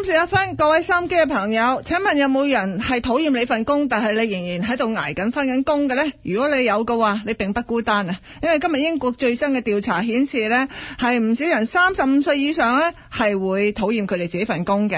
跟住，三十一分各位心機嘅朋友，請問有冇人係討厭你份工，但係你仍然喺度挨緊翻緊工嘅呢？如果你有嘅話，你並不孤單啊！因為今日英國最新嘅調查顯示呢，係唔少人三十五歲以上呢係會討厭佢哋自己份工嘅。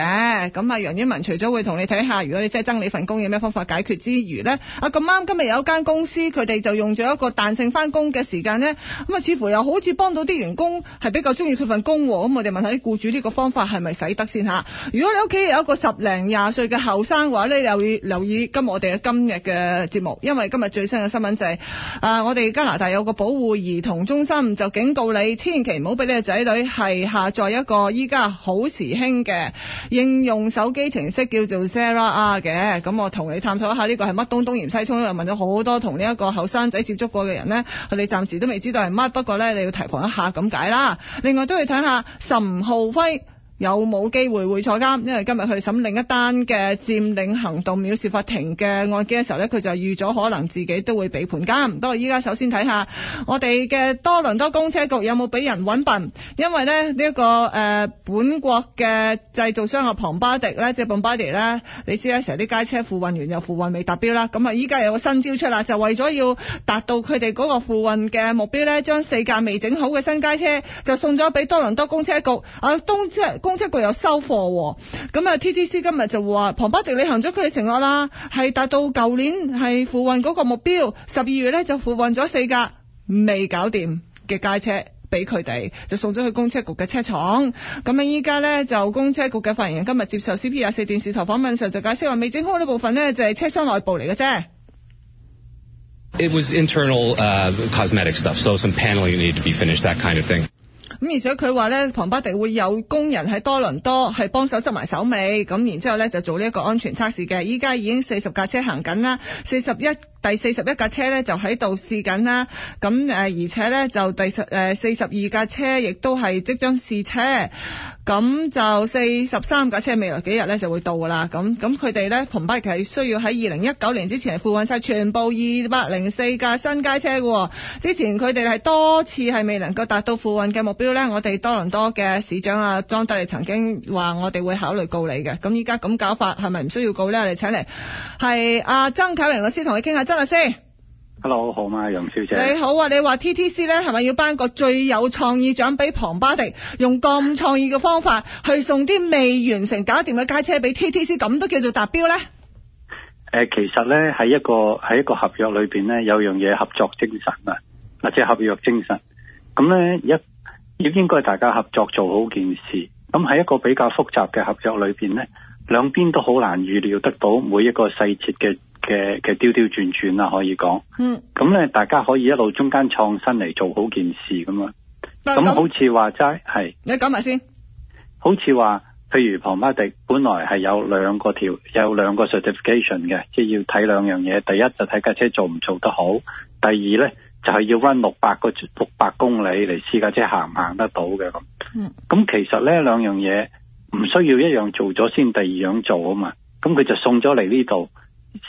咁啊，楊英文除咗會同你睇下，如果你真係憎你份工，有咩方法解決之餘呢？啊咁啱今日有間公司佢哋就用咗一個彈性翻工嘅時間呢。咁啊似乎又好似幫到啲員工係比較中意佢份工。咁我哋問下啲雇主呢個方法係咪使得先吓？如果你屋企有一個十零廿歲嘅後生嘅話，你留意留意今日我哋嘅今日嘅節目，因為今日最新嘅新聞就係、是，啊，我哋加拿大有個保護兒童中心就警告你，千祈唔好俾你嘅仔女係下載一個依家好時興嘅應用手機程式，叫做 Sarahah 嘅，咁我同你探索一下呢個係乜東東沖，然西冲又問咗好多同呢一個後生仔接觸過嘅人呢。佢哋暫時都未知道係乜，不過呢，你要提防一下咁解啦。另外都要睇下岑浩輝。有冇機會會坐監？因為今日去審另一單嘅佔領行動藐視法庭嘅案件嘅時候呢，佢就預咗可能自己都會被判監。不過，依家首先睇下我哋嘅多倫多公車局有冇俾人搵笨？因為呢呢一個誒本國嘅製造商阿龐巴迪呢，即係龐巴迪呢，你知咧成啲街車付運完又付運未達標啦。咁啊，依家有個新招出啦，就為咗要達到佢哋嗰個付運嘅目標呢，將四架未整好嘅新街車就送咗俾多倫多公車局啊，東車公車局有收貨、哦，咁啊 T T C 今日就話龐巴迪履行咗佢嘅承諾啦，係達到舊年係付運嗰個目標。十二月呢，就付運咗四架未搞掂嘅街車俾佢哋，就送咗去公車局嘅車廠。咁啊，依家呢，就公車局嘅發言人今日接受 CP24 電視台訪問時候就解釋話，未整好呢部分呢，就係、是、車廂內部嚟嘅啫。It was internal, uh, 咁而且佢話咧，龐巴迪會有工人喺多倫多係幫手執埋手尾，咁然之後咧就做呢一個安全測試嘅。依家已經四十架車行緊啦，四十一、第四十一架車咧就喺度試緊啦。咁誒而且咧就第十誒四十二架車亦都係即將試車，咁就四十三架車未來幾日咧就會到噶啦。咁咁佢哋咧龐巴迪需要喺二零一九年之前係付運曬全部二百零四架新街車嘅。之前佢哋係多次係未能夠達到付運嘅目標。咧，我哋多倫多嘅市長阿莊德利曾經話我哋會考慮告你嘅，咁依家咁搞法係咪唔需要告咧？我哋請嚟係阿曾啟明律師同你傾下，曾律師。Hello，好嘛，楊小姐。你好啊，你話 T T C 咧係咪要頒個最有創意獎俾龐巴迪，用咁創意嘅方法去送啲未完成搞掂嘅街車俾 T T C，咁都叫做達標咧？誒，其實咧喺一個喺一個合約裏邊咧，有樣嘢合作精神啊，或者合約精神，咁咧一。亦應該大家合作做好件事，咁喺一個比較複雜嘅合作裏面，呢兩邊都好難預料得到每一個細節嘅嘅嘅掉掉轉轉啦，可以講。嗯。咁呢大家可以一路中間創新嚟做好件事咁是樣，但好似話齋係。是你講埋先。好似話，譬如龐巴迪本來係有兩個條，有兩個 certification 嘅，即係要睇兩樣嘢。第一，就睇架車做唔做得好；第二呢。就係要溫六百個六百公里嚟，試架車行唔行得到嘅咁，咁其實呢兩樣嘢唔需要一樣做咗先第二樣做啊嘛，咁佢就送咗嚟呢度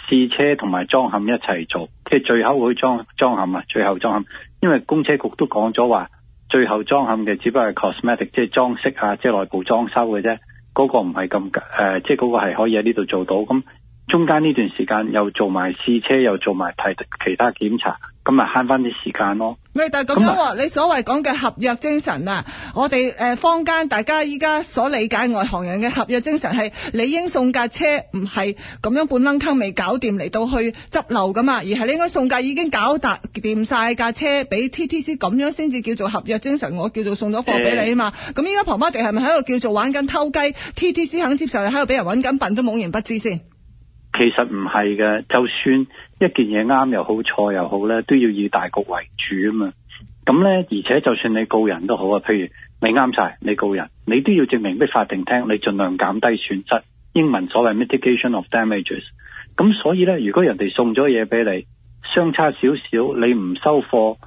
試車同埋裝嵌一齊做，即係最後會裝裝嵌啊，最後裝嵌，因為公車局都講咗話，最後裝嵌嘅只不過係 cosmetic，即係裝飾啊，即係內部裝修嘅啫，嗰個唔係咁誒，即係嗰個係可以喺呢度做到，咁中間呢段時間又做埋試車，又做埋提其他檢查。咁咪慳翻啲時間咯。喂、啊，但係咁樣喎，你所謂講嘅合約精神啊，我哋誒坊間大家依家所理解外行人嘅合約精神係，你應送架車，唔係咁樣半楞坑未搞掂嚟到去執漏噶嘛，而係你應該送架已經搞笪掂晒架車俾 T T C，咁樣先至叫做合約精神，我叫做送咗貨俾你啊嘛。咁依家龐巴迪係咪喺度叫做玩緊偷雞？T T C 肯接受你喺度俾人搵緊笨都懵然不知先？其實唔係嘅，就算一件嘢啱又好，錯又好咧，都要以大局為主啊嘛。咁咧，而且就算你告人都好啊，譬如你啱晒，你告人，你都要證明俾法庭聽你盡量減低損失。英文所謂 mitigation of damages。咁所以咧，如果人哋送咗嘢俾你，相差少少，你唔收貨，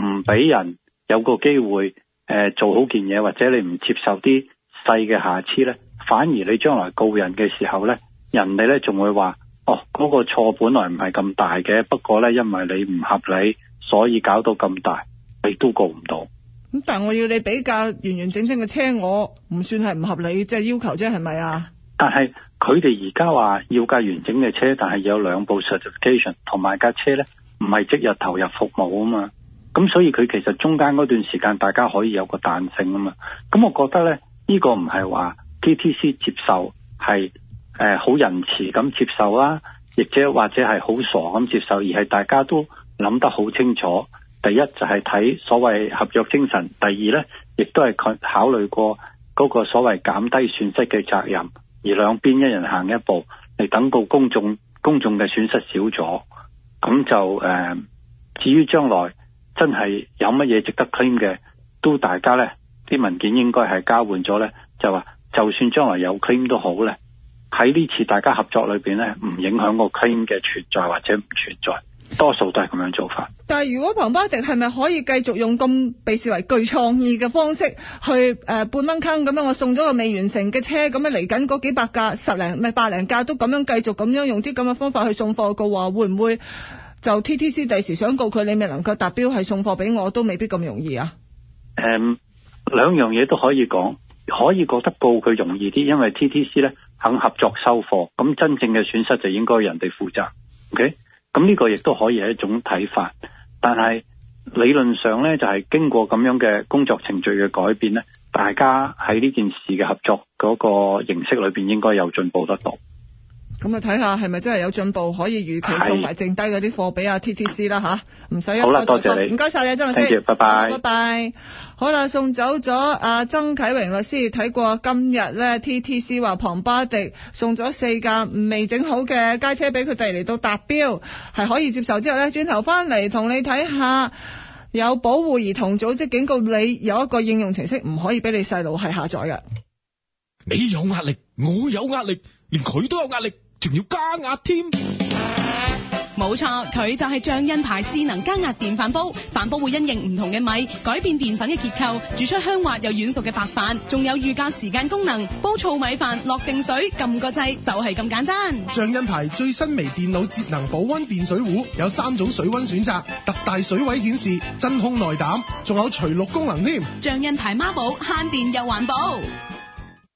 唔俾人有個機會，誒、呃、做好件嘢，或者你唔接受啲細嘅瑕疵咧，反而你將來告人嘅時候咧。人哋咧仲會話，哦，嗰個錯本來唔係咁大嘅，不過咧因為你唔合理，所以搞到咁大，你都告唔到。咁但係我要你畀架完完整整嘅車，我唔算係唔合理，即係要求啫，係咪啊？但係佢哋而家話要架完整嘅車，但係有兩部 certification 同埋架車咧，唔係即日投入服務啊嘛。咁所以佢其實中間嗰段時間，大家可以有個彈性啊嘛。咁我覺得咧，呢個唔係話 KTC 接受係。誒，好、呃、仁慈咁接受啦，啊，或者或者係好傻咁接受，而係大家都諗得好清楚。第一就係睇所謂合約精神，第二咧，亦都係佢考慮過嗰個所謂減低損失嘅責任。而兩邊一人行一步，嚟等到公眾公眾嘅損失少咗，咁就誒、呃，至於將來真係有乜嘢值得 claim 嘅，都大家咧啲文件應該係交換咗咧，就話就算將來有 claim 都好咧。喺呢次大家合作裏邊呢，唔影響個 claim 嘅存在或者唔存在，多數都係咁樣做法。但係如果龐巴迪係咪可以繼續用咁被視為具創意嘅方式去誒、呃、半分坑坑咁樣，我送咗個未完成嘅車咁樣嚟緊嗰幾百架十零唔係百零架都咁樣繼續咁樣用啲咁嘅方法去送貨嘅話，會唔會就 T T C 第時想告佢你未能夠達標係送貨俾我都未必咁容易啊？誒、嗯，兩樣嘢都可以講，可以覺得告佢容易啲，因為 T T C 呢。肯合作收貨，咁真正嘅損失就應該人哋負責，OK？咁呢個亦都可以係一種睇法，但係理論上呢就係、是、經過咁樣嘅工作程序嘅改變呢，大家喺呢件事嘅合作嗰個形式裏邊應該有進步得到。咁啊，睇下係咪真係有進步，可以預期送埋剩低嗰啲貨俾阿 T T C 是、啊、啦吓，唔使一開頭送。唔該晒你，曾律師，拜拜，拜拜。好啦，送走咗阿、啊、曾啟榮律師，睇過今日咧，T T C 話龐巴迪送咗四架未整好嘅街車俾佢哋嚟到達標係可以接受。之後咧，轉頭翻嚟同你睇下，有保護兒童組織警告你有一個應用程式唔可以俾你細路係下載嘅。你有壓力，我有壓力，連佢都有壓力。仲要加壓添？冇錯，佢就係象印牌智能加壓電飯煲，飯煲會因應唔同嘅米改變澱粉嘅結構，煮出香滑又軟熟嘅白飯。仲有預教時間功能，煲醋米飯落定水，撳個掣就係、是、咁簡單。象印牌最新微電腦節能保温電水壺有三種水溫選擇，特大水位顯示，真空內膽，仲有除氯功能添。象印牌孖寶慳電又環保。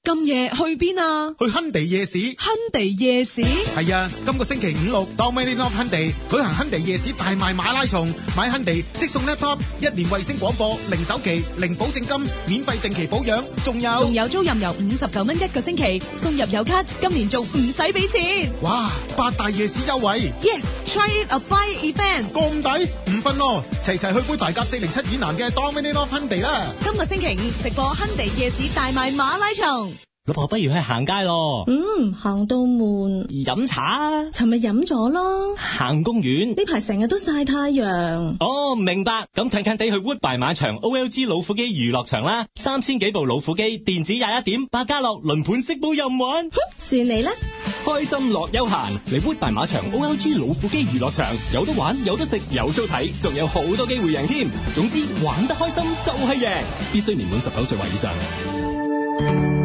咁夜去邊啊？去亨地夜市。亨地夜市係啊！今個星期五六，當 minister 亨地舉行亨地夜市大賣馬拉松，買亨地即送 laptop，一年衛星廣播，零首期，零保證金，免費定期保養，仲有仲有租任油五十九蚊一個星期，送入油卡，今年仲唔使俾錢。哇！八大夜市優惠，yes try it a fire event，咁抵唔瞓咯。齊齊去杯牌架四零七以南嘅 Don Vino 亨地啦。今個星期食過亨地夜市大賣馬拉松，老婆不如去行街咯。嗯，行到悶飲茶啊。尋日飲咗咯。行公園呢排成日都曬太陽。哦，明白。咁近近地去 Woodbine 馬場 O L G 老虎機娛樂場啦，三千幾部老虎機，電子廿一點，百家樂、輪盤、色寶任玩。哼，算你啦。開心樂悠閒嚟 Woodbine 大馬場 O L G 老虎機娛樂場，有得玩，有得食，有 show 睇，仲有好多機會贏添。總之玩得開心就係贏。必須年滿十九歲或以上。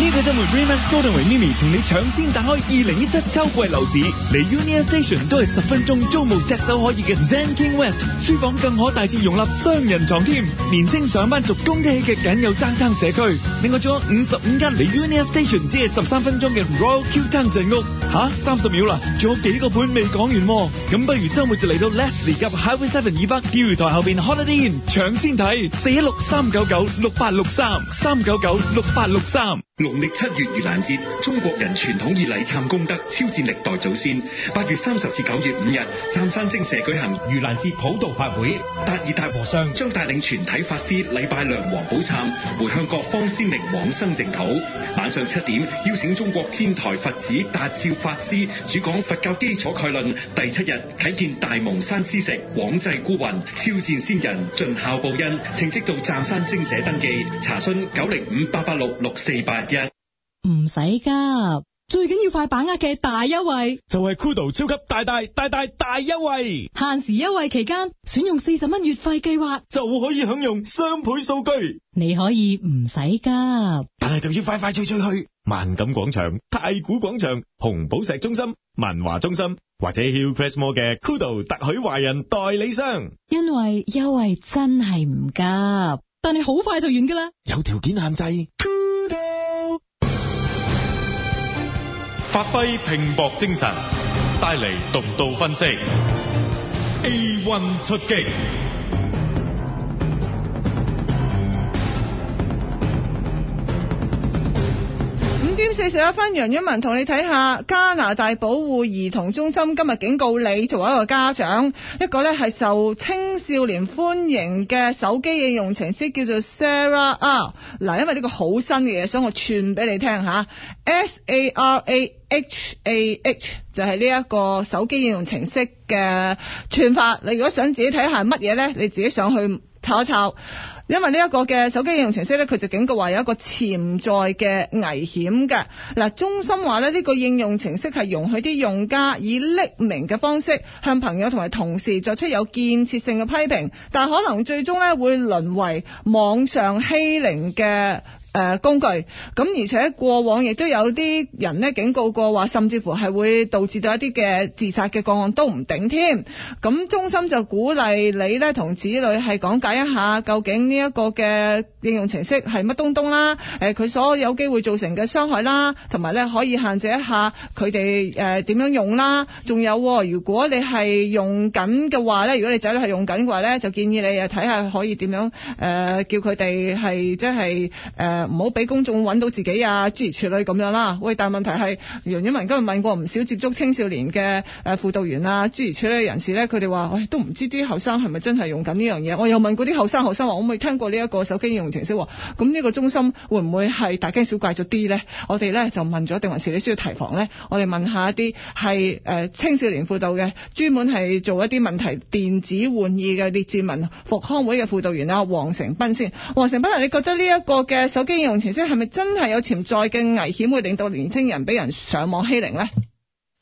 呢個周末 Remax Golden way Mini 同你搶先打開二零一七秋季樓市，嚟 Union Station 都係十分鐘租冇只手可以嘅 Zen King West 書房更可大致容納雙人床添，年青上班族供得起嘅僅有爭爭社區，另外仲有五十五間嚟 Union Station 只係十三分鐘嘅 Royal Q Town 鎮屋，吓三十秒啦，仲有幾個盤未講完，咁不如周末就嚟到 Leslie 及 Highway Seven 以北釣魚台後邊 Holiday Inn 搶先睇，四一六三九九六八六三三九九六八六三。農曆七月盂蘭節，中國人傳統以禮懺功德超薦歷代祖先。八月三十至九月五日，湛山精舍舉行盂蘭節普度法會。達熱大和尚將帶領全體法師禮拜梁皇寶懺，回向各方先靈往生淨土。晚上七點，邀請中國天台佛子達照法師主講佛教基礎概論。第七日，啟建大蒙山施食廣濟孤魂，超薦先人盡孝報恩，請即到湛山精舍登記查詢九零五八八六六四八一。唔使急，最緊要快把握嘅大優惠就係 Kudo 超級大大大大大優惠，限時優惠期間選用四十蚊月費計劃就可以享用雙倍數據。你可以唔使急，但係就要快快脆脆去萬錦廣場、太古廣場、紅寶石中心、文華中心或者 Hillcrest Mall 嘅 Kudo 特許華人代理商。因為優惠真係唔急，但係好快就完噶啦，有條件限制。嗯發揮拼搏精神，帶嚟獨到分析。A1 出擊。四十一分楊宇文同你睇下加拿大保護兒童中心今日警告你，作為一個家長，一個呢係受青少年歡迎嘅手機應用程式叫做 Sarah R，啊。嗱，因為呢個好新嘅嘢，所以我串俾你聽吓，S A R A H A H 就係呢一個手機應用程式嘅串法。你如果想自己睇下乜嘢呢，你自己上去查一查。因為呢一個嘅手機應用程式咧，佢就警告話有一個潛在嘅危險嘅。嗱，中心話咧，呢個應用程式係容許啲用家以匿名嘅方式向朋友同埋同事作出有建設性嘅批評，但係可能最終咧會淪為網上欺凌嘅。誒，工具咁，而且過往亦都有啲人咧警告過話，甚至乎係會導致到一啲嘅自殺嘅個案都唔定添。咁中心就鼓勵你咧同子女係講解一下究竟呢一個嘅應用程式係乜東東啦，誒佢所有機會造成嘅傷害啦，同埋咧可以限制一下佢哋誒點樣用啦。仲有，如果你係用緊嘅話咧，如果你仔女係用緊嘅話咧，就建議你誒睇下可以點樣誒、呃、叫佢哋係即係誒。呃唔好俾公眾揾到自己啊，諸如此類咁樣啦。喂，但係問題係楊宇文今日問過唔少接觸青少年嘅誒輔導員啊、諸如此類人士咧，佢哋話：喂、哎，都唔知啲後生係咪真係用緊呢樣嘢。我又問嗰啲後生，後生話：可唔可以聽過呢一個手機應用程式？咁呢個中心會唔會係大驚小怪咗啲咧？我哋咧就問咗定還是你需要提防咧？我哋問一下一啲係誒青少年輔導嘅，專門係做一啲問題電子玩意嘅列治文復康會嘅輔導員啊，黃成斌先。黃成斌啊，你覺得呢一個嘅手機應用程式係咪真係有潛在嘅危險，會令到年青人俾人上網欺凌咧？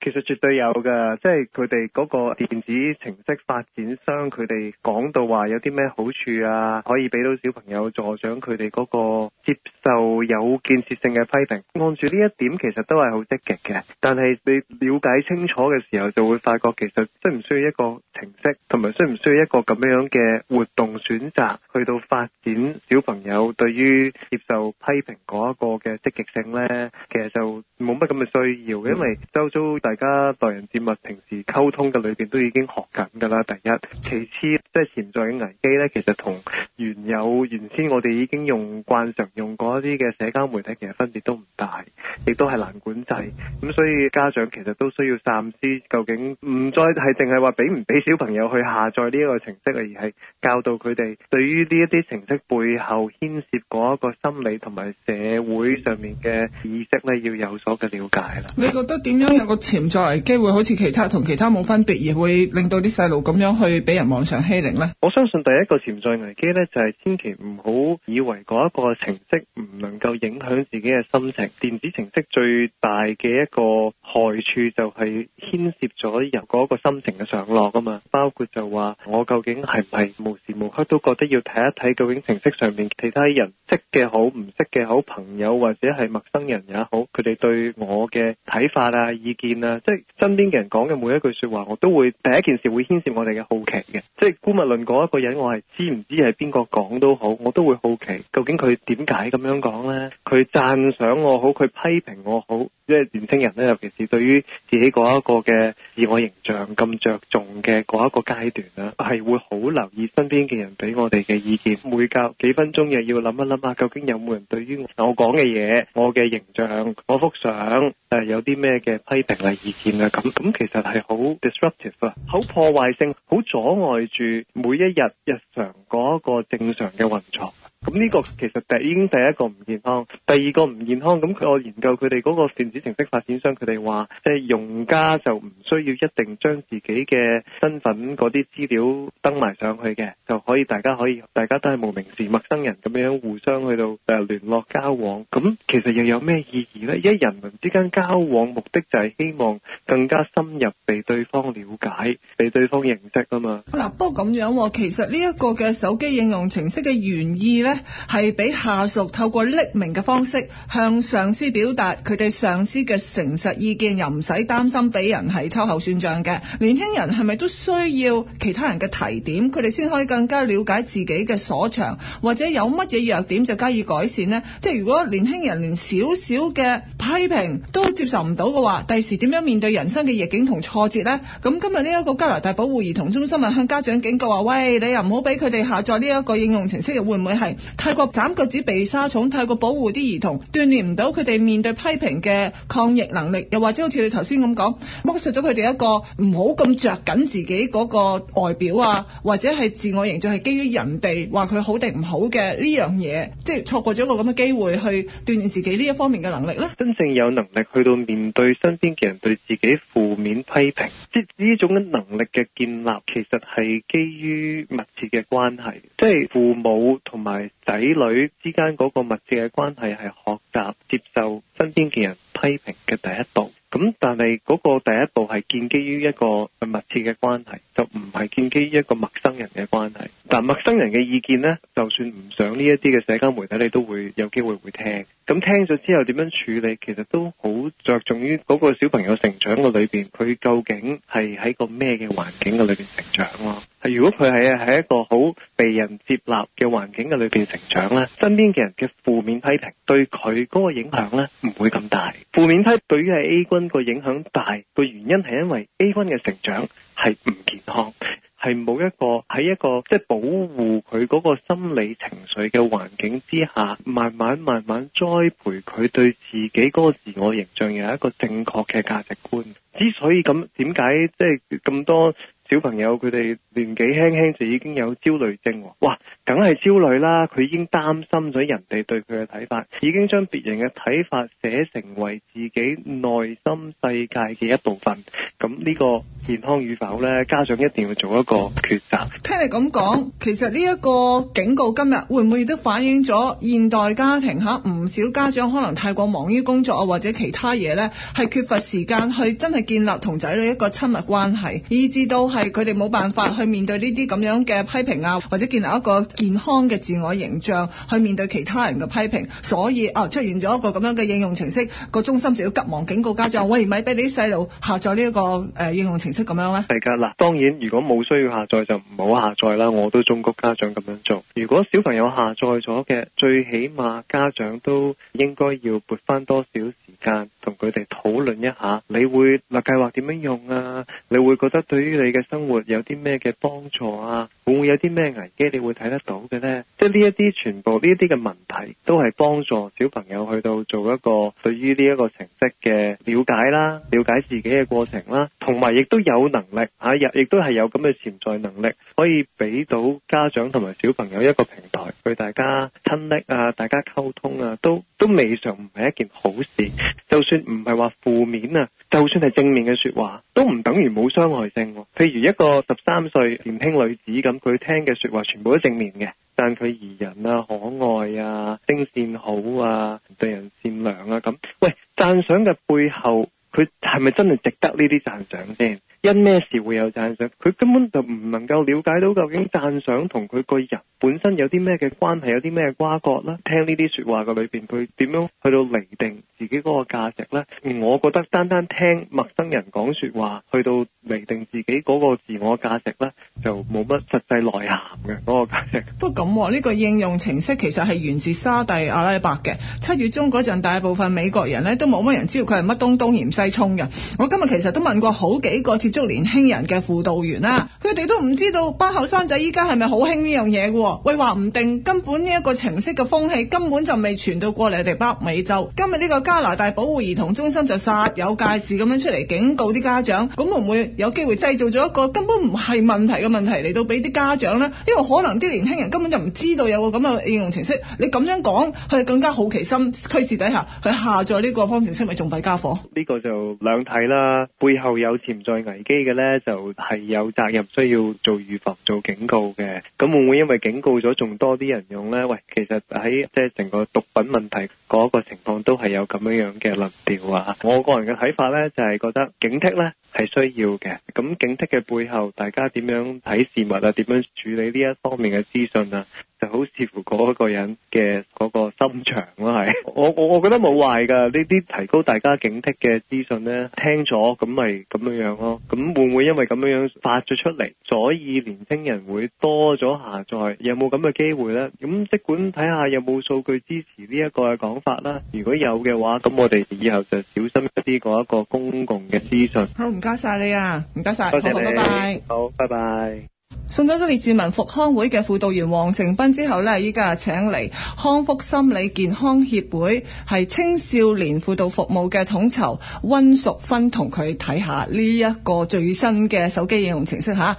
其實絕對有㗎，即係佢哋嗰個電子程式發展商，佢哋講到話有啲咩好處啊，可以俾到小朋友助長佢哋嗰個接受有建設性嘅批評。按住呢一點，其實都係好積極嘅。但係你了解清楚嘅時候，就會發覺其實需唔需要一個程式，同埋需唔需要一個咁樣嘅活動選擇，去到發展小朋友對於接受批評嗰一個嘅積極性呢，其實就冇乜咁嘅需要，因為周遭，大家待人接物、平時溝通嘅裏邊都已經學緊噶啦。第一，其次即係潛在嘅危機咧，其實同原有、原先我哋已經用慣常用過一啲嘅社交媒體其實分別都唔大，亦都係難管制。咁所以家長其實都需要三思，究竟唔再係淨係話俾唔俾小朋友去下載呢一個程式，而係教導佢哋對於呢一啲程式背後牽涉嗰一個心理同埋社會上面嘅意識咧，要有所嘅了解啦。你覺得點樣有個。潛在危機好似其他同其他冇分別，而會令到啲細路咁樣去俾人網上欺凌咧。我相信第一個潛在危機咧，就係千祈唔好以為嗰一個程式唔能夠影響自己嘅心情。電子程式最大嘅一個害處就係牽涉咗由嗰一個心情嘅上落啊嘛。包括就話我究竟係唔係無時無刻都覺得要睇一睇究竟程式上面其他人識嘅好，唔識嘅好，朋友或者係陌生人也好，佢哋對我嘅睇法啊、意見啊。誒，即係身邊嘅人講嘅每一句說話，我都會第一件事會牽涉我哋嘅好奇嘅。即係姑勿論講一個人，我係知唔知係邊個講都好，我都會好奇究竟佢點解咁樣講咧？佢讚賞我好，佢批評我好。即係年輕人咧，尤其是對於自己嗰一個嘅自我形象咁着重嘅嗰一個階段啦，係會好留意身邊嘅人俾我哋嘅意見，每隔幾分鐘又要諗一諗下，究竟有冇人對於我講嘅嘢、我嘅形象、我幅相誒有啲咩嘅批評啊、意見啊咁？咁其實係好 disruptive 啊，好破壞性、好阻礙住每一日日常嗰一個正常嘅運作。咁呢個其實第已經第一個唔健康，第二個唔健康。咁我研究佢哋嗰個電子程式發展商，佢哋話即係用家就唔需要一定將自己嘅身份嗰啲資料登埋上去嘅，就可以大家可以大家都係無名氏、陌生人咁樣互相去到誒聯絡交往。咁其實又有咩意義咧？因為人民之間交往目的就係希望更加深入被對方了解、被對方認識啊嘛。嗱、啊，不過咁樣，喎，其實呢一個嘅手機應用程式嘅原意咧。咧，係俾下屬透過匿名嘅方式向上司表達佢哋上司嘅誠實意見，又唔使擔心俾人係秋後算賬嘅。年輕人係咪都需要其他人嘅提點，佢哋先可以更加了解自己嘅所長，或者有乜嘢弱點就加以改善呢？即係如果年輕人連少少嘅批評都接受唔到嘅話，第時點樣面對人生嘅逆境同挫折呢？咁今日呢一個加拿大保護兒童中心啊，向家長警告話，喂，你又唔好俾佢哋下載呢一個應用程式，又會唔會係？太過斬腳趾避沙蟲，太過保護啲兒童，鍛鍊唔到佢哋面對批評嘅抗逆能力，又或者好似你頭先咁講，剝削咗佢哋一個唔好咁着緊自己嗰個外表啊，或者係自我形象係基於人哋話佢好定唔好嘅呢樣嘢，即係錯過咗一個咁嘅機會去鍛鍊自己呢一方面嘅能力啦。真正有能力去到面對身邊嘅人對自己負面批評，即呢種嘅能力嘅建立，其實係基於密切嘅關係，即係父母同埋仔女之間嗰個密切嘅關係係學習接受身邊嘅人批評嘅第一步，咁但係嗰個第一步係建基於一個密切嘅關係，就唔係建基於一個陌生人嘅關係。但陌生人嘅意見呢，就算唔上呢一啲嘅社交媒體，你都會有機會會聽。咁聽咗之後點樣處理？其實都好着重於嗰個小朋友成長嘅裏邊，佢究竟係喺個咩嘅環境嘅裏邊成長咯？如果佢係喺一個好被人接納嘅環境嘅裏邊成長咧，身邊嘅人嘅負面批評對佢嗰個影響咧唔會咁大。負面批評對於係 A 君個影響大，個原因係因為 A 君嘅成長係唔健康。係冇，一個喺一個即係保護佢嗰個心理情緒嘅環境之下，慢慢慢慢栽培佢對自己嗰個自我形象有一個正確嘅價值觀。之所以咁點解，即係咁多？小朋友佢哋年紀輕輕就已經有焦慮症，哇，梗係焦慮啦！佢已經擔心咗人哋對佢嘅睇法，已經將別人嘅睇法寫成為自己內心世界嘅一部分。咁呢個健康與否咧，家長一定要做一個抉擇。聽你咁講，其實呢一個警告，今日會唔會亦都反映咗現代家庭吓唔少家長可能太過忙於工作啊或者其他嘢咧，係缺乏時間去真係建立同仔女一個親密關係，以至到係。係佢哋冇辦法去面對呢啲咁樣嘅批評啊，或者建立一個健康嘅自我形象去面對其他人嘅批評，所以哦、啊、出現咗一個咁樣嘅應用程式，個中心就要急忙警告家長，喂，唔好俾你啲細路下載呢、這、一個誒、呃、應用程式咁樣咧。係噶嗱，當然如果冇需要下載就唔好下載啦。我都忠告家長咁樣做。如果小朋友下載咗嘅，最起碼家長都應該要撥翻多少時間同佢哋討論一下。你會立計劃點樣用啊？你會覺得對於你嘅？生活有啲咩嘅幫助啊？會唔會有啲咩危機？你會睇得到嘅呢？即係呢一啲全部呢一啲嘅問題，都係幫助小朋友去到做一個對於呢一個成績嘅了解啦，了解自己嘅過程啦，同埋亦都有能力啊，亦都係有咁嘅潛在能力，可以俾到家長同埋小朋友一個平台，去大家親力啊，大家溝通啊，都都未嘗唔係一件好事，就算唔係話負面啊。就算係正面嘅說話，都唔等於冇傷害性。譬如一個十三歲年輕女子咁，佢聽嘅說話全部都正面嘅，但佢宜人啊、可愛啊、聲線好啊、對人善良啊咁，喂，讚賞嘅背後，佢係咪真係值得呢啲讚賞先？因咩事會有讚賞？佢根本就唔能夠了解到究竟讚賞同佢個人本身有啲咩嘅關係，有啲咩瓜葛啦？聽呢啲說話嘅裏面，佢點樣去到厘定自己嗰個價值咧？我覺得單單聽陌生人講說話，去到厘定自己嗰個自我價值咧。就冇乜實際內涵嘅嗰個解釋。不過咁，呢個應用程式其實係源自沙地阿拉伯嘅。七月中嗰陣，大部分美國人呢都冇乜人知道佢係乜東東，鹽西冲嘅。我今日其實都問過好幾個接觸年輕人嘅輔導員啦，佢哋都唔知道班後生仔依家係咪好興呢樣嘢嘅。喂，話唔定根本呢一個程式嘅風氣根本就未傳到過嚟我哋北美洲。今日呢個加拿大保護兒童中心就煞有介事咁樣出嚟警告啲家長，咁會唔會有機會製造咗一個根本唔係問題問題嚟到俾啲家長啦，因為可能啲年輕人根本就唔知道有個咁嘅應用程式，你咁樣講，佢更加好奇心驅使底下，去下載呢個方程式，咪仲弊家伙？呢個就兩睇啦，背後有潛在危機嘅呢，就係有責任需要做預防、做警告嘅。咁會唔會因為警告咗，仲多啲人用呢？喂，其實喺即係成個毒品問題嗰個情況，都係有咁樣樣嘅論調啊！我個人嘅睇法呢，就係覺得警惕呢。係需要嘅，咁警惕嘅背後，大家點樣睇事物啊？點樣處理呢一方面嘅資訊啊？就好視乎嗰一個人嘅嗰個心腸咯，係我我我覺得冇壞㗎，呢啲提高大家警惕嘅資訊呢，聽咗咁咪咁樣樣咯。咁會唔會因為咁樣樣發咗出嚟，所以年輕人會多咗下載？有冇咁嘅機會呢？咁即管睇下有冇數據支持呢一個嘅講法啦。如果有嘅話，咁我哋以後就小心一啲嗰一個公共嘅資訊。好，唔該晒你啊，唔該曬，多謝你，好，拜拜。好，拜拜。送咗列治文復康會嘅輔導員黃成斌之後咧，依家請嚟康復心理健康協會係青少年輔導服務嘅統籌溫淑芬同佢睇下呢一個最新嘅手機應用程式吓。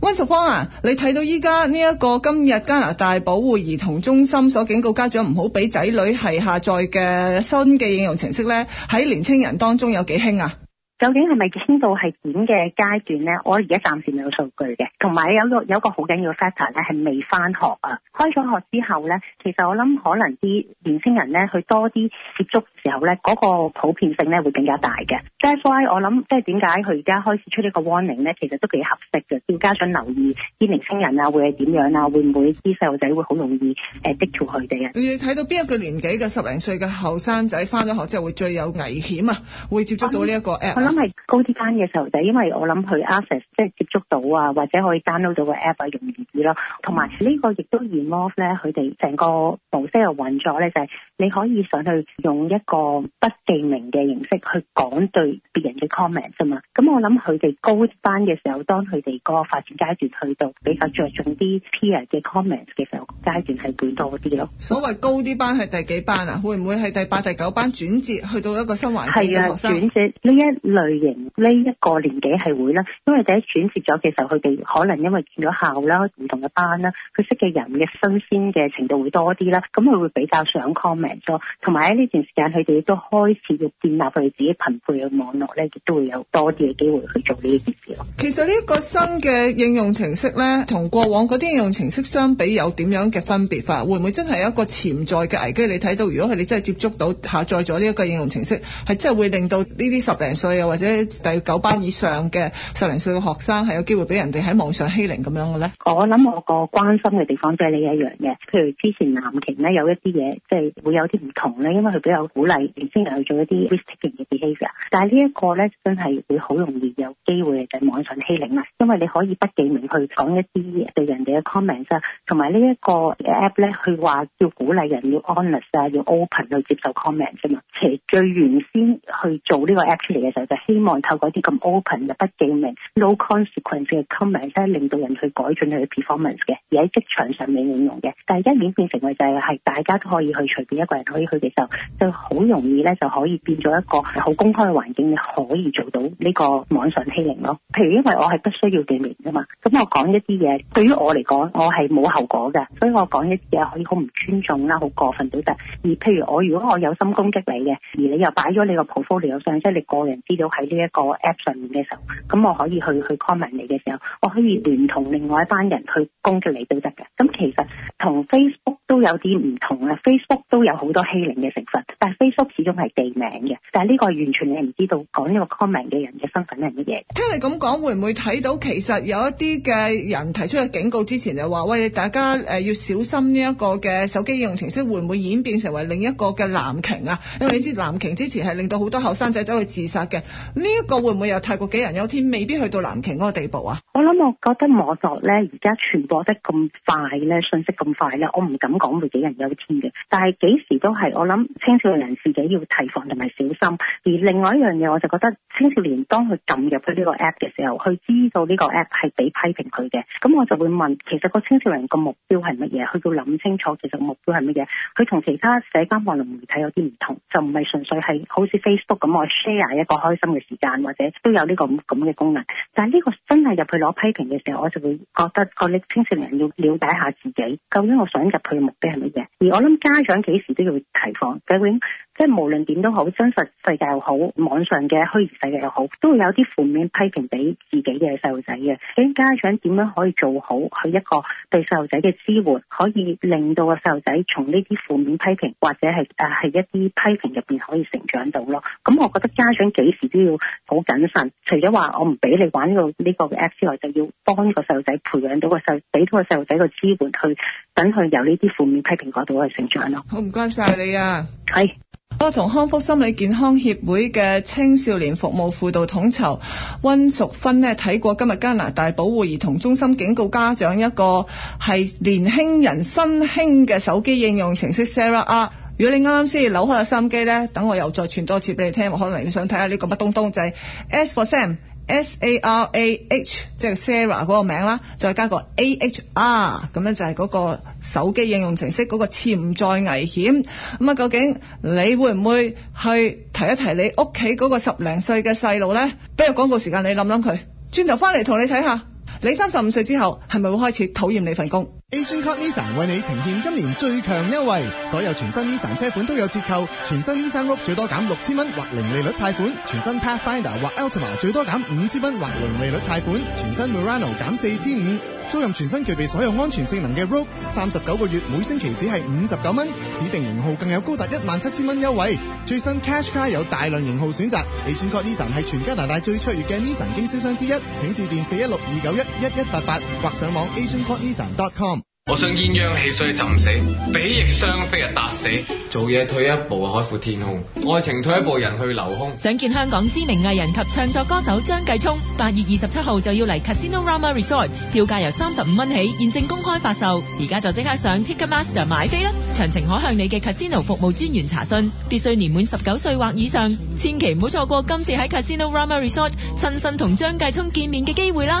溫淑芳啊，你睇到依家呢一個今日加拿大保護兒童中心所警告家長唔好俾仔女係下載嘅新嘅應用程式咧，喺年青人當中有幾興啊？究竟係咪傾到係點嘅階段咧？我而家暫時未有數據嘅，同埋有，有一個有個好緊要嘅 factor 咧係未翻學啊。開咗學之後咧，其實我諗可能啲年青人咧去多啲接觸時候咧，嗰、那個普遍性咧會更加大嘅。f a 我諗即係點解佢而家開始出呢個 warning 咧，其實都幾合適嘅，要家長留意啲年青人啊會係點樣啊，會唔會啲細路仔會好容易誒滴到佢哋啊？你睇到邊一個年紀嘅十零歲嘅後生仔翻咗學之後會最有危險啊？會接觸到呢一個 app？啊啊我諗高啲班嘅時候就係因為我諗佢 access 即係接觸到啊，或者可以 download 到個 app 啊，容易啲咯。同埋呢個亦都 remove 咧佢哋成個模式又運作咧，就係你可以上去用一個不記名嘅形式去講對別人嘅 comment 啫嘛。咁我諗佢哋高班嘅時候，當佢哋個發展階段去到比較着重啲 peer 嘅 comment 嘅時候，階段係捲多啲咯。所謂高啲班係第幾班啊？會唔會係第八、第九班轉接去到一個新環境嘅學生？係啊，轉接呢一類型呢一,一個年紀係會啦，因為第一轉接咗嘅時候，佢哋可能因為轉咗校啦、唔同嘅班啦，佢識嘅人嘅新鮮嘅程度會多啲啦，咁佢會比較想 comment 咯。同埋喺呢段時間，佢哋亦都開始要建立佢哋自己貧配嘅網絡咧，亦都會有多啲嘅機會去做呢啲事咯。其實呢一個新嘅應用程式咧，同過往嗰啲應用程式相比，有點樣？嘅分別法會唔會真係有一個潛在嘅危機？你睇到如果係你真係接觸到下載咗呢一個應用程式，係真係會令到呢啲十零歲啊或者第九班以上嘅十零歲嘅學生係有機會俾人哋喺網上欺凌咁樣嘅咧？我諗我個關心嘅地方都係呢一樣嘅，譬如之前藍鯨咧有一啲嘢，即係會有啲唔同咧，因為佢比較鼓勵年輕人去做一啲 risking 嘅 behaviour 但係呢一個咧真係會好容易有機會喺網上欺凌啦，因為你可以不記名去講一啲對人哋嘅 comment 同埋呢一個。個 app 咧，佢話要鼓勵人要 honest 啊，要 open 去接受 comment 啫嘛。其實最原先去做呢個 app 出嚟嘅時候，就希望透過啲咁 open 嘅不記名、low consequence 嘅 comment 咧，令到人去改進佢嘅 performance 嘅，而喺職場上面應用嘅。但係一變變成嘅就係、係，大家都可以去隨便一個人可以去接受，就好容易咧就可以變咗一個好公開嘅環境，你可以做到呢個網上欺凌咯。譬如因為我係不需要記名噶嘛，咁我講一啲嘢，對於我嚟講，我係冇後果嘅，所以。我講一啲嘢可以好唔尊重啦，好過分都得。而譬如我如果我有心攻擊你嘅，而你又擺咗你個 portfolio 上，即你個人資料喺呢一個 app 上面嘅時候，咁我可以去去 comment 你嘅時候，我可以聯同另外一班人去攻擊你都得嘅。咁其實同 Facebook 都有啲唔同啊。Facebook 都有好多欺凌嘅成分，但係 Facebook 始終係地名嘅，但係呢個完全你唔知道講呢個 comment 嘅人嘅身份係乜嘢。聽你咁講，會唔會睇到其實有一啲嘅人提出嘅警告之前就話：喂，大家誒、呃、要。小心呢一個嘅手機應用程式會唔會演變成為另一個嘅藍鯨啊？因為你知藍鯨之前係令到好多後生仔走去自殺嘅，呢、這、一個會唔會又太過杞人憂天，未必去到藍鯨嗰個地步啊？我諗，我覺得網絡咧而家傳播得咁快咧，信息咁快啦，我唔敢講會杞人憂天嘅。但係幾時都係，我諗青少年自己要提防同埋小心。而另外一樣嘢，我就覺得青少年當佢撳入去呢個 app 嘅時候，佢知道呢個 app 係俾批評佢嘅，咁我就會問，其實個青少年個目標係咩？嘢佢要諗清楚，其實目標係乜嘢？佢同其他社交網絡媒體有啲唔同，就唔係純粹係好似 Facebook 咁我 share 一個開心嘅時間，或者都有呢、這個咁嘅功能。但係呢個真係入去攞批評嘅時候，我就會覺得個青少年要了解下自己究竟我想入去嘅目的係乜嘢。而我諗家長幾時都要提防。究竟即係無論點都好，真實世界又好，網上嘅虛擬世界又好，都會有啲負面批評俾自己嘅細路仔嘅。咁家長點樣可以做好佢一個對細路仔嘅支援，可以令到個細路仔從呢啲負面批評或者係誒係一啲批評入邊可以成長到咯。咁、嗯、我覺得家長幾時都要好謹慎，除咗話我唔俾你玩呢、呢個呢、呢個嘅 app 之外，就要幫呢個細路仔培養到個細，俾到個細路仔嘅支援去等佢由呢啲負面批評嗰度去成長咯。好，唔該晒你啊，係。Hey. 我同康福心理健康協會嘅青少年服務輔導統籌溫淑芬呢，睇過今日加拿大保護兒童中心警告家長一個係年輕人新興嘅手機應用程式 Sarah。如果你啱啱先扭開個心機呢，等我又再傳多次俾你聽，可能你想睇下呢個乜東東就係、是、As for Sam。S S A R A、H, Sarah 即係 Sarah 嗰個名啦，再加個 A H R，咁樣就係個手機應用程式嗰個潛在危險。咁啊，究竟你會唔會去提一提你屋企個十零歲嘅細路咧？畀個廣告時間，你諗諗佢，轉頭翻嚟同你睇下，你三十五歲之後係咪會開始討厭你份工？A g e n e s s a n 為你呈現今年最強優惠，所有全新 e i s a n 車款都有折扣，全新 e i s a n 屋最多減六千蚊或零利率貸款，全新 Pathfinder 或 u l t i m a 最多減五千蚊或零利率貸款，全新 Murano 減四千五，租任全新具備所有安全性能嘅 Rogue，三十九個月每星期只係五十九蚊，指定型號更有高達一萬七千蚊優惠，最新 Cash Car 有大量型號選擇，A g e n e e s a n 係全加拿大最卓越嘅 Nissan 經銷商之一，請致電四一六二九一一一八八或上網 A g e n c o e e s a n c o m 我想鴛鴦戲水浸死，比翼雙飛啊撻死，做嘢退一步海闊天空，愛情退一步人去樓空。想見香港知名藝人及唱作歌手張繼聰，八月二十七號就要嚟 Casino Rama Resort，票價由三十五蚊起，現正公開發售，而家就即刻上 Ticketmaster 買飛啦。詳情可向你嘅 Casino 服務專員查詢，必須年滿十九歲或以上，千祈唔好錯過今次喺 Casino Rama Resort 親身同張繼聰見面嘅機會啦。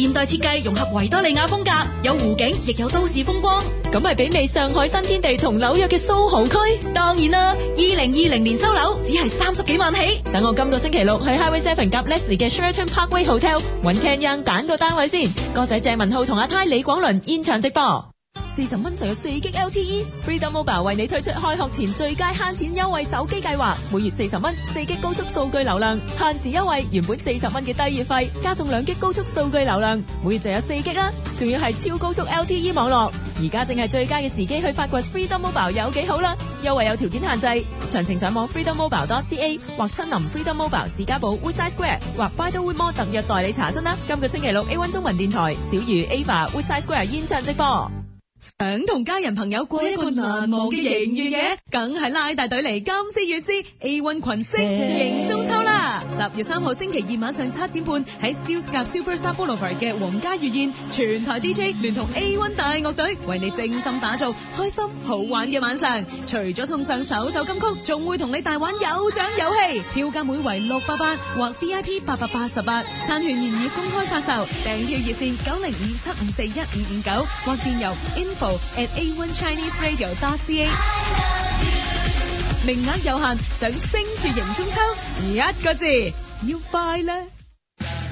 現代設計融合維多利亞風格，有湖景亦有都市風光，咁係媲美上海新天地同紐約嘅蘇豪區。當然啦，2020年收樓只係三十幾萬起。等我今個星期六去 Highway Seven 及 Leslie 嘅 Sheraton Parkway Hotel 揾 Kenyon 揀個單位先。哥仔謝文浩同阿太李廣倫現場直播。四十蚊就有四 G LTE，Freedom Mobile 為你推出開學前最佳慳錢優惠手機計劃，每月四十蚊四 G 高速數據流量限時優惠。原本四十蚊嘅低月費，加送兩 G 高速數據流量，每月就有四 G 啦。仲要係超高速 LTE 網絡。而家正係最佳嘅時機去發掘 Freedom Mobile 有幾好啦。優惠有條件限制，詳情上網 Freedom Mobile dot ca 或親臨 Freedom Mobile 士嘉堡 Woodside Square 或 Bridlewood Mall 特約代理查詢啦。今個星期六 A1 中文電台小魚 Ava Woodside Square 現場直播。想同家人朋友過一個難忘嘅迎月夜，梗係 拉大隊嚟，金絲月之 A1 羣星，迎中秋。 十月三號星期二晚上七點半喺 Steeles Club Superstar Boulevard 嘅皇家御宴，全台 DJ 聯同 A One 大樂隊為你精心打造開心好玩嘅晚上。除咗送上首首金曲，仲會同你大玩有獎遊戲。票價每圍為六百八十八或 VIP 八百八十八，餐券現已公開發售。訂票熱線九零五七五四一五五九或電郵 info at a one chinese、er、radio dot ca。名額有限，想升住型中秋，一個字要快啦！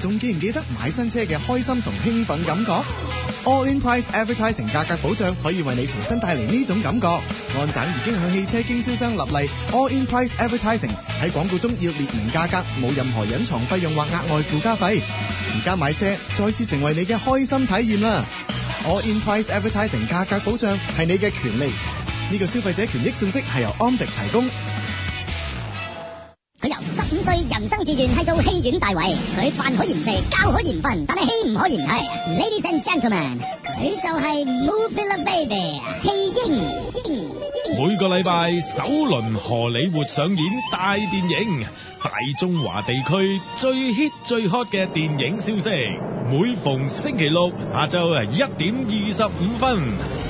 仲記唔記得買新車嘅開心同興奮感覺？All in price advertising 價格保障可以為你重新帶嚟呢種感覺。安省已經向汽車經銷商立例，All in price advertising 喺廣告中，要列明價格，冇任何隱藏費用或額外附加費。而家買車再次成為你嘅開心體驗啦！All in price advertising 價格保障係你嘅權利。呢個消費者權益信息係由安迪提供。佢由十五歲人生志願係做戲院大衞，佢飯可以唔食，教可以唔瞓，但係戲唔可以唔睇。Ladies and gentlemen，佢就係 Movie Love Baby，戲英英。每個禮拜首輪荷里活上演大電影，大中華地區最 hit 最 hot 嘅電影消息，每逢星期六下晝啊一點二十五分。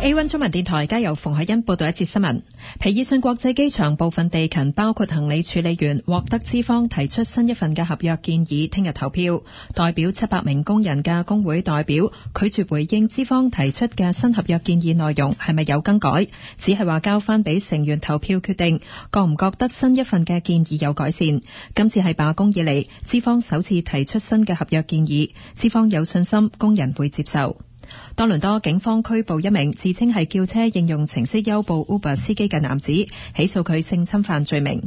1 A 1中文電台，而家由馮海欣報道一節新聞。皮爾遜國際機場部分地勤，包括行李處理員獲得資方提出新一份嘅合約建議，聽日投票。代表七百名工人嘅工會代表拒絕回應資方提出嘅新合約建議內容係咪有更改，只係話交翻俾成員投票決定。覺唔覺得新一份嘅建議有改善？今次係罷工以嚟，資方首次提出新嘅合約建議，資方有信心工人會接受。多倫多警方拘捕一名自稱係叫車應用程式優步 Uber 司機嘅男子，起訴佢性侵犯罪名。